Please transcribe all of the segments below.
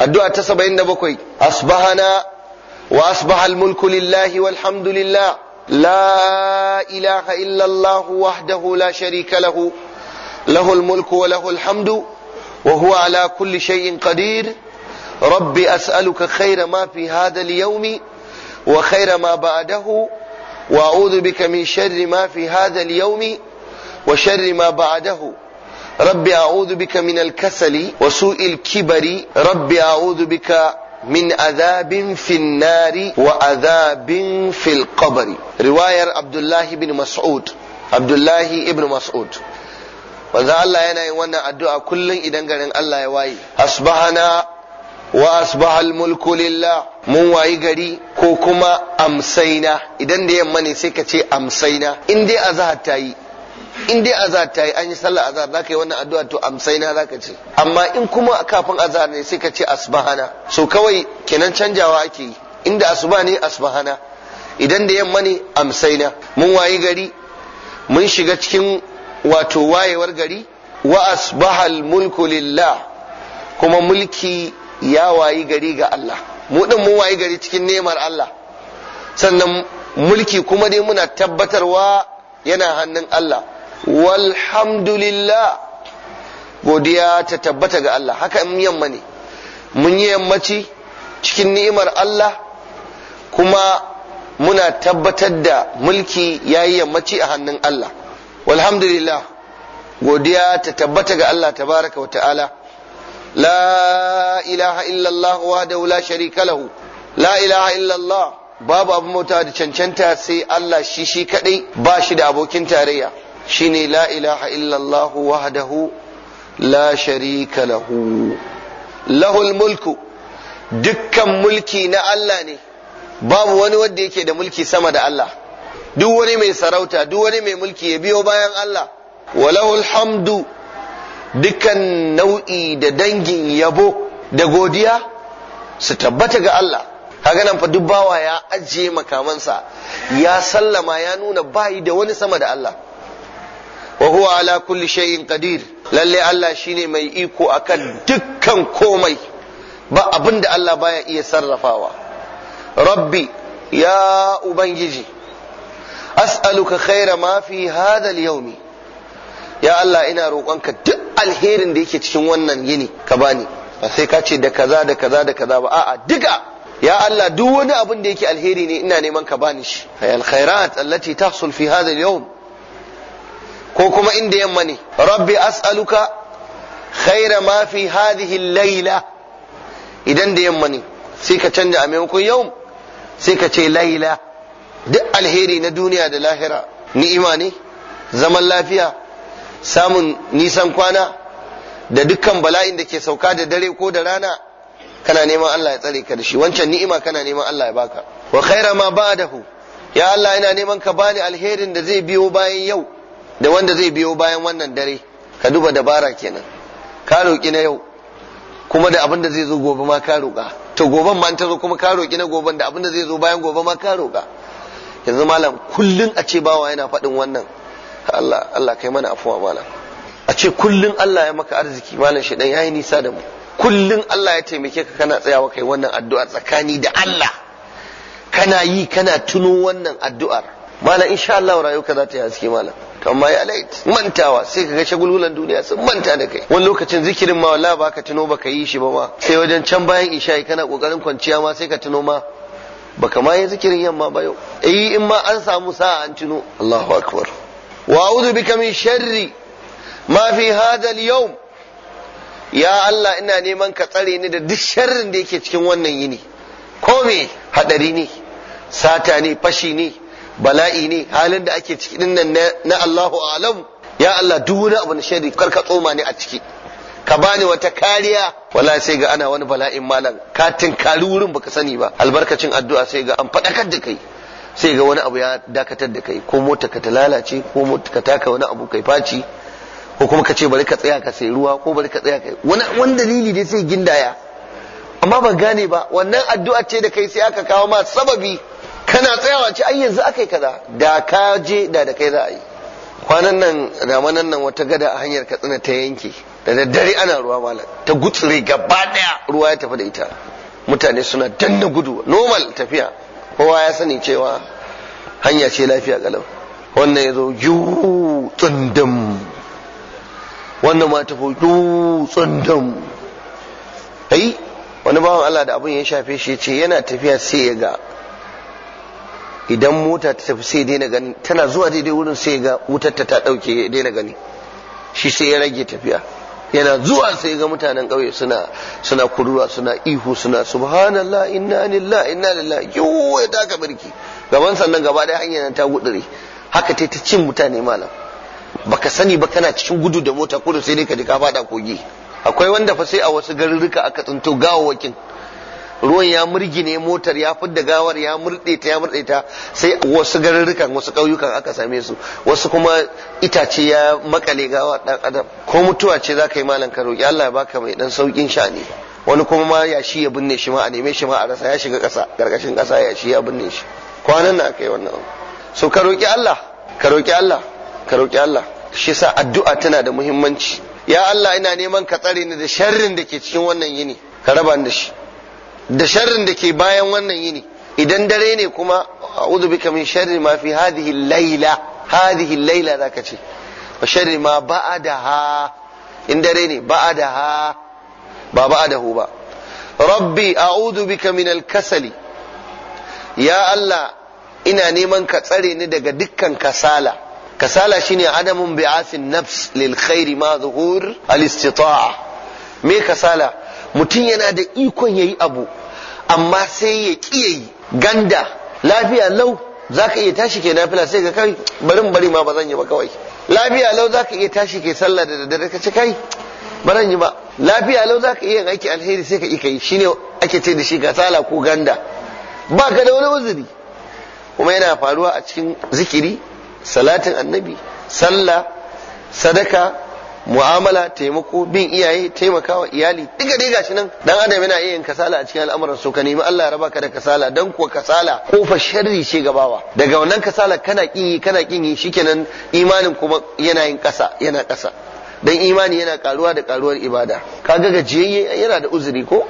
addu'a ta bakwai. asbahana wa asbaha mulku lillahi walhamdulillah la ilaha illa wahdahu la sharika lahu Lahul mulku wa lahul hamdu wa huwa ala kulli shay'in qadir rabbi as'aluka khayra ma fi hadha al-yawmi wa khayra ma ba'dahu wa a'udhu bika min sharri ma fi hadha al-yawmi wa sharri ma ba'dahu rabbi a'udhu bika min al-kasali wa su'il kibari rabbi a'udhu bika من عذاب في النار وعذاب في القبر رواية عبد الله بن مسعود عبد الله بن Allah yana yin wannan addu'a kullum idan garin Allah ya waye asbahana wa asbahal mulku lillah mun wayi gari ko kuma amsaina idan da yamma ne sai ka ce amsaina in dai azhar ta yi in dai azar ta yi an yi sallar azar za ka yi wannan addu'a to amsaina za ka ce amma in kuma kafin azar ne sai ka ce asbahana so kawai kenan canjawa ake yi inda asuba ne asbahana idan da yamma ne amsaina mun wayi gari mun shiga cikin wato wayewar gari wa asbahal mulku lillah kuma mulki ya wayi gari ga Allah mu din mun wayi gari cikin nemar Allah sannan mulki kuma dai muna tabbatarwa yana hannun Allah walhamdulillah godiya ta tabbata ga Allah haka in yamma ne mun yi yammaci cikin ni'imar Allah kuma muna tabbatar da mulki yayi yammaci a hannun Allah walhamdulillah godiya ta tabbata ga Allah tabaraka wa ta'ala la ilaha illallah wahdahu la sharika lahu la ilaha illallah babu abu mota da cancanta sai Allah shi shi kadai ba shi da abokin tarayya shine la ilaha illallahu wahdahu la sharika lahu lahul mulku dukkan mulki na Allah ne babu wani wanda yake da mulki sama da Allah duk wani mai sarauta duk wani mai mulki ya biyo bayan Allah wa lahul hamdu dukkan nau'i da dangin yabo da godiya su tabbata ga Allah kaga nan fa duk bawa ya ajiye makamansa ya sallama ya nuna bayi da wani sama da Allah wa huwa ala kulli shay'in qadir lalle Allah shine mai iko akan dukkan komai ba abinda Allah baya iya sarrafawa rabbi ya ubangiji as'aluka khaira ma fi hadha al ya Allah ina roƙonka duk alherin da yake cikin wannan yini ka bani ba sai ka ce da kaza da kaza da kaza ba a'a duka ya Allah duk wani abin da yake alheri ne ina neman ka bani shi al khairat allati tahsul fi hadha al ko kuma inda yamma ne rabbi as'aluka khaira ma fi hadhihi layla idan da yamma ne sai ka canja a maimakon yau sai ka ce laila duk alheri na duniya da lahira ni'ima ne zaman lafiya samun nisan kwana da dukkan bala'in da ke sauka da dare ko da rana kana neman Allah ya tsare ka da shi wancan ni'ima kana neman Allah ya baka wa khaira ma ba'dahu ya Allah ina neman ka bani alherin da zai biyo bayan yau da wanda zai biyo bayan wannan dare ka duba dabara kenan ka roƙi na yau kuma da abin da zai zo gobe ma ka roƙa to goben ma ta zo kuma ka roƙi na goben da abin da zai zo bayan gobe ma ka roƙa yanzu malam kullun a ce bawa yana faɗin wannan Allah Allah kai mana afuwa malam a ce kullun Allah ya maka arziki malam shi dan yayi nisa da mu kullun Allah ya taimake ka kana tsayawa kai wannan addu'a tsakani da Allah kana yi kana tuno wannan addu'ar malam insha Allah rayuwarka za ta yi haske malam kamar ya lait mantawa sai kaga shagulgulan duniya sun manta da kai wani lokacin zikirin ma wallahi ka tuno baka yi shi ba ma sai wajen can bayan isha'i kana kokarin kwanciya ma sai ka tuno ma baka ma yi zikirin yamma ba yau eh in ma an samu sa'a an tuno Allahu akbar wa a'udhu bika min sharri ma fi hadha al ya Allah ina neman ka tsare ni da duk sharrin da yake cikin wannan yini ko me hadari ne sata ne fashi ne bala'i ne halin da ake ciki dinnan na Allahu alam ya Allah duk wani abu na shari kar ka tsoma ni a ciki ka bani wata kariya wala sai ga ana wani bala'in malam ka tinkari wurin baka sani ba albarkacin addu'a sai ga an faɗakar da kai sai ga wani abu ya dakatar da kai ko mota ka ta lalace ko mota ka taka wani abu kai faci ko kuma ka ce bari ka tsaya ka sai ruwa ko bari ka tsaya kai wani wani dalili dai sai gindaya amma ban gane ba wannan addu'a ce da kai sai aka kawo ma sababi kana tsayawa ce ai yanzu akai kaza da ka je da da kai za a yi kwanan nan ramanan nan wata gada a hanyar katsina ta yanke da daddare ana ruwa malam ta gutsure gaba daya ruwa ya tafi da ita mutane suna danna gudu normal tafiya kowa ya sani cewa hanya ce lafiya galau wannan ya zo yu tsundum wannan ma tafi yu tsundum ai wani bawan Allah da abin ya shafe shi ce yana tafiya sai ya ga idan mota ta tafi sai daina gani tana zuwa daidai wurin sai ga wutar ta dauke ya daina gani shi sai ya rage tafiya yana zuwa sai ga mutanen ƙauye suna suna kuruwa suna ihu suna subhanallah inna lillahi inna lillahi yau ya taka birki gaban sannan gaba ɗaya hanyar ta gudure haka ta cin mutane malam baka sani ba kana cikin gudu da mota kudu sai dai ka ji ka fada kogi akwai wanda fa sai a wasu garuruka aka tsinto gawawakin ruwan ya murgine motar ya fidda gawar ya murɗe ta ya murɗe ta sai wasu garurrukan wasu ƙauyukan aka same su wasu kuma itace ya makale gawa ɗan adam ko mutuwa ce za ka yi malam ka roƙi Allah ya baka mai ɗan sauƙin sha'ani wani kuma ma ya shi ya binne shi ma a neme shi ma a rasa ya shiga ƙasa ƙarƙashin ƙasa ya shi ya binne shi kwanan na aka yi wannan so ka roƙi Allah ka roƙi Allah ka roƙi Allah shi sa addu'a tana da muhimmanci ya Allah ina neman ka tsare ni da sharrin da ke cikin wannan yini ka raba ni da shi da sharrin da ke bayan wannan yini idan dare ne kuma a bika min sharri ma fi hadihi laila hadihi laila za ka ce wa sharri ma ha, in dare ne da ha, ba da hu ba rabbi a bika min alkasali, kasali ya Allah ina neman ka tsare ni daga dukkan kasala kasala shine adamun bi'asin nafs lil khairi ma zuhur al istita'a me kasala mutum yana da ikon yayi abu amma sai ya ƙi yayi ganda lafiya lau za ka iya tashi ke nafila sai ka kai barin bari ma ba zan yi ba kawai lafiya lau za ka iya tashi ke sallah da daddare ka ci kai ba yi ba lafiya lau za ka iya aiki alheri sai ka iya yi shine ake ce da shi tsala ko ganda ba ka da wani uzuri kuma yana faruwa a cikin zikiri salatin annabi sallah sadaka mu'amala taimako bin iyaye taimakawa iyali diga diga shi nan dan adam yana iya yin kasala a cikin al'amuran su ka nemi Allah ya raba ka da kasala dan kuwa kasala kofa sharri ce gabawa daga wannan kasala kana kin yi kana kin yi shikenan imanin kuma yana yin kasa yana kasa dan imani yana karuwa da karuwar ibada kaga gajiyayye yana da uzuri ko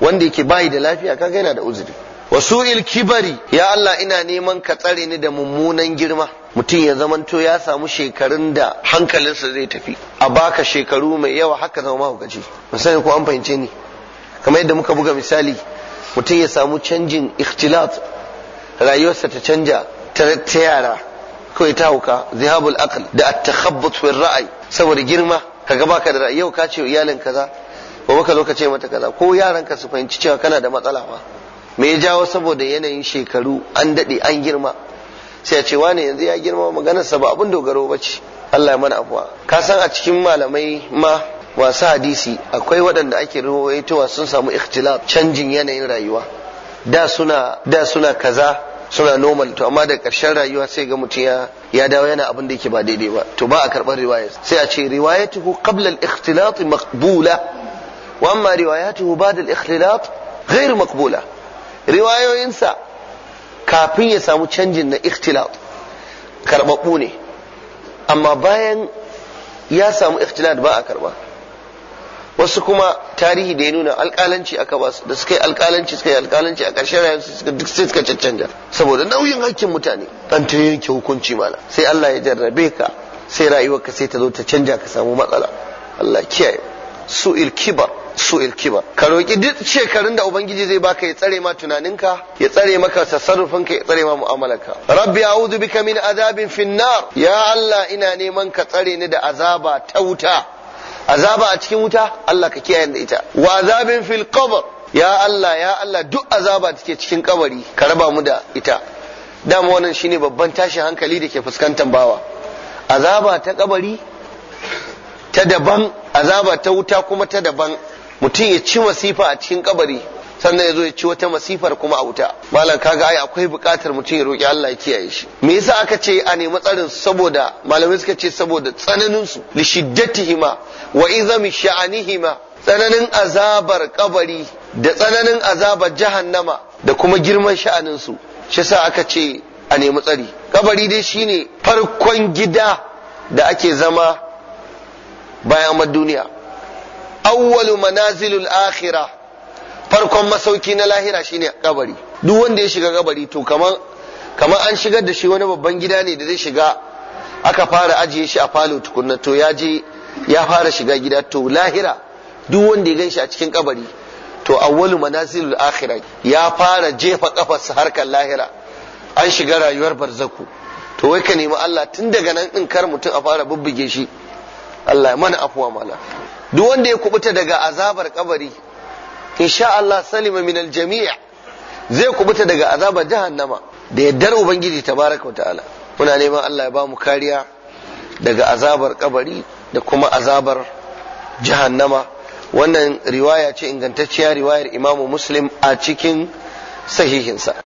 wanda yake bayi da lafiya kaga yana da uzuri wasu kibari ya Allah ina neman ka tsare ni da mummunan girma mutum ya zamanto ya samu shekarun da hankalinsa zai tafi a baka shekaru mai yawa haka zama mahaukaci musamman ko an fahimce ni kamar yadda muka buga misali mutum ya samu canjin ikhtilat rayuwarsa ta canja ta yara kawai ta hauka zihabul akal da at-takhabbut fil ra'ayi saboda girma ka kaga baka da ra'ayi yau ka ce iyalin kaza gobe ka zo ka ce mata kaza ko yaranka su fahimci cewa kana da matsala ba me ya jawo saboda yanayin shekaru an dade an girma sai ce wane yanzu ya girma maganar sa ba abin dogaro ba ce Allah ya mana afuwa ka san a cikin malamai ma wasu hadisi akwai waɗanda ake rawaitowa sun samu ikhtilaf canjin yanayin rayuwa da suna da suna kaza suna normal to amma da ƙarshen rayuwa sai ga mutum ya dawo yana abin da yake ba daidai ba to ba a karɓar riwaya sai a ce riwayatuhu qabla al-ikhtilat maqbula wa amma riwayatuhu ba'da al-ikhtilat ghayr maqbula riwayoyinsa kafin ya samu canjin na ikhtilaf karɓaɓɓu ne amma bayan ya samu ikhtilaf ba a karɓa wasu kuma tarihi da ya nuna alƙalanci aka ba da suka yi alƙalanci suka yi alƙalanci a ƙarshen su suka duk sai suka cancanta saboda nauyin hakkin mutane an ta yanke hukunci mana sai Allah ya jarrabe ka sai ka sai ta zo ta canja ka samu matsala Allah kiyaye su'il kibar su'il kibar ka roki duk shekarun da ubangiji zai baka ya tsare ma tunaninka ya tsare maka tasarrufinka ya tsare ma mu'amalarka rabbi a'udhu bika min azabin finnar ya allah ina neman ka tsare ni da azaba ta wuta azaba a cikin wuta allah ka kiyaye da ita wa azabin fil qabr ya allah ya allah duk azaba da take cikin kabari ka raba mu da ita dama wannan shine babban tashin hankali da ke fuskantar bawa azaba ta kabari ta daban azaba ta wuta kuma ta daban mutum ya ci masifa a cikin kabari sannan ya zo ya ci wata masifar kuma a wuta malam kaga ai akwai buƙatar mutum ya roƙi Allah ya kiyaye shi me yasa aka ce a nemi tsarin saboda malamai suka ce saboda tsananin su li shiddatihima wa izami sha'anihima tsananin azabar kabari da tsananin azabar jahannama da kuma girman sha'anin su shi yasa aka ce a nemi tsari kabari dai shine farkon gida da ake zama bayan amar duniya awwalu manazilul akhira farkon masauki na lahira shine kabari duk wanda ya shiga kabari to kaman kaman an shigar da shi wani babban gida ne da zai shiga aka fara ajiye shi a falo tukunna to ya je ya fara shiga gida to lahira duk wanda ya ganshi a cikin kabari to awwalu manazilul akhirah ya fara jefa kafarsa harkar lahira an shiga rayuwar barzaku to wai ka nemi Allah tun daga nan in kar mutum a fara bubbuge shi Allah ya mana afuwa mala duk wanda ya kubuta daga azabar kabari insha Allah salima min aljami' zai kubuta daga azabar jahannama da yaddar ubangiji tabaraka ta'ala muna neman Allah ya ba mu kariya daga azabar kabari da kuma azabar jahannama wannan riwaya ce ingantacciya riwayar imamu muslim a cikin sahihinsa